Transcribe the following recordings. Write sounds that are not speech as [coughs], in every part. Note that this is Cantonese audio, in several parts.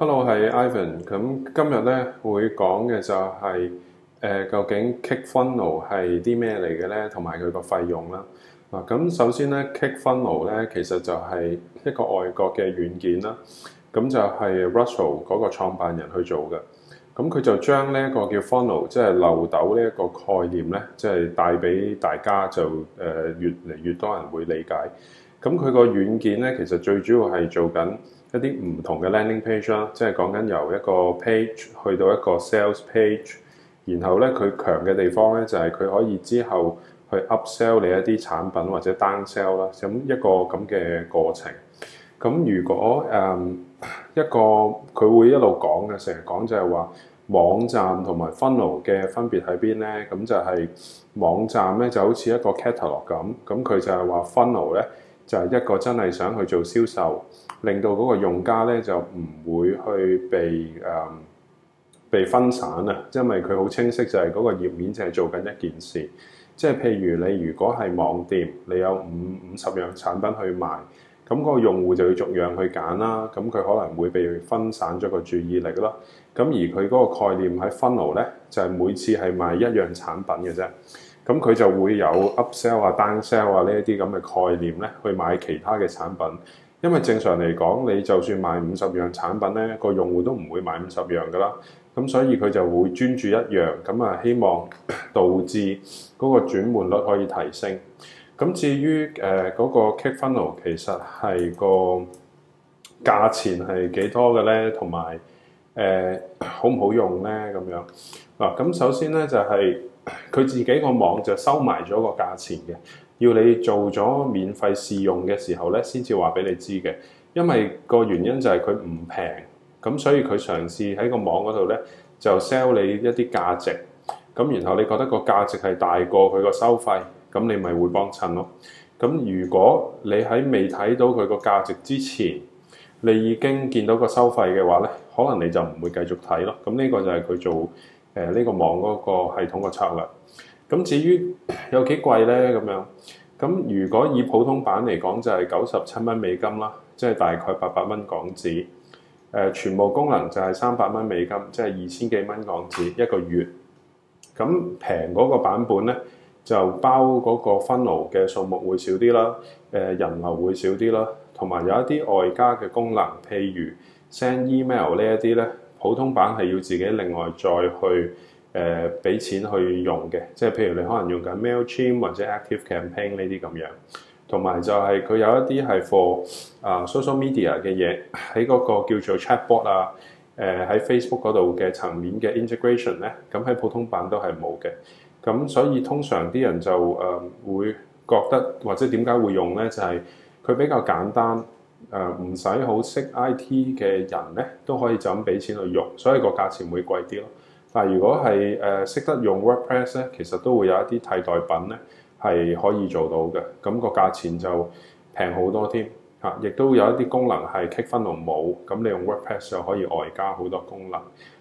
Hello，係 Ivan。咁今日咧會講嘅就係、是、誒、呃、究竟 Kick Funnel 係啲咩嚟嘅咧，同埋佢個費用啦。嗱、啊，咁首先咧 Kick Funnel 咧其實就係一個外國嘅軟件啦。咁、啊、就係、是、Russell 嗰個創辦人去做嘅。咁、啊、佢就將呢一個叫 Funnel，即係漏斗呢一個概念咧，即、就、係、是、帶俾大家就誒越嚟越多人會理解。咁佢個軟件咧，其實最主要係做緊一啲唔同嘅 landing page 啦，即係講緊由一個 page 去到一個 sales page，然後咧佢強嘅地方咧就係、是、佢可以之後去 upsell 你一啲產品或者 downsell 啦，咁一個咁嘅過程。咁如果誒、嗯、一個佢會一路講嘅，成日講就係話網站同埋 funnel 嘅分別喺邊咧？咁就係、是、網站咧就好似一個 catalog 咁，咁佢就係話 funnel 咧。就係一個真係想去做銷售，令到嗰個用家咧就唔會去被誒、呃、被分散啊！因為佢好清晰，就係嗰個頁面淨係做緊一件事。即係譬如你如果係網店，你有五五十樣產品去賣，咁個用戶就要逐樣去揀啦。咁佢可能會被分散咗個注意力咯。咁而佢嗰個概念喺 funnel 咧，就係、是、每次係賣一樣產品嘅啫。咁佢就會有 upsell 啊、downsell 啊呢一啲咁嘅概念咧，去買其他嘅產品。因為正常嚟講，你就算買五十樣產品咧，個用戶都唔會買五十樣噶啦。咁所以佢就會專注一樣，咁啊希望 [coughs] 導致嗰個轉換率可以提升。咁至於誒嗰個 Kick Funnel 其實係個價錢係幾多嘅咧，同埋。誒、嗯、好唔好用咧？咁樣嗱，咁、啊、首先咧就係、是、佢自己個網就收埋咗個價錢嘅，要你做咗免費試用嘅時候咧，先至話俾你知嘅。因為個原因就係佢唔平，咁所以佢嘗試喺個網嗰度咧就 sell 你一啲價值，咁然後你覺得個價值係大過佢個收費，咁你咪會幫襯咯。咁如果你喺未睇到佢個價值之前，你已經見到個收費嘅話咧？可能你就唔會繼續睇咯，咁呢個就係佢做誒呢、呃這個網嗰個系統嘅策略。咁至於有幾貴咧咁樣？咁如果以普通版嚟講，就係九十七蚊美金啦，即、就、係、是、大概八百蚊港紙。誒、呃，全部功能就係三百蚊美金，即係二千幾蚊港紙一個月。咁平嗰個版本咧，就包嗰個 funnel 嘅數目會少啲啦，誒、呃、人流會少啲啦，同埋有一啲外加嘅功能，譬如 send email 呢一啲咧，普通版係要自己另外再去誒俾、呃、錢去用嘅，即係譬如你可能用緊 MailChimp 或者 Active Campaign 呢啲咁樣，同埋就係、是、佢有一啲係 for 啊 social media 嘅嘢喺嗰個叫做 chatbot 啊，誒、呃、喺 Facebook 嗰度嘅層面嘅 integration 咧，咁喺普通版都係冇嘅，咁所以通常啲人就誒、呃、會覺得或者點解會用咧，就係、是、佢比較簡單。誒唔使好識 IT 嘅人咧，都可以就咁俾錢去用，所以個價錢會貴啲咯。但係如果係誒識得用 WordPress 咧，其實都會有一啲替代品咧係可以做到嘅，咁個價錢就平好多添嚇，亦、啊、都有一啲功能係 ClickFunnels 冇，咁你用 WordPress 就可以外加好多功能。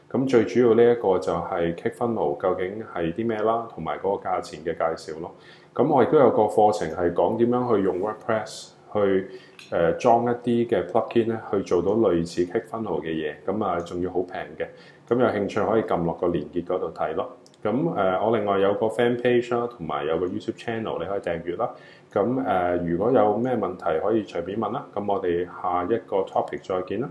咁最主要呢一個就係 ClickFunnels 究竟係啲咩啦，同埋嗰個價錢嘅介紹咯。咁我亦都有個課程係講點樣去用 WordPress。去誒裝、呃、一啲嘅 plug-in 咧，去做到類似 kick 分號嘅嘢，咁啊仲要好平嘅，咁有興趣可以撳落個連結嗰度睇咯。咁誒、呃，我另外有個 fan page 啦、啊，同埋有，有個 YouTube channel，你可以訂閱啦。咁誒、呃，如果有咩問題可以隨便問啦。咁我哋下一個 topic 再見啦。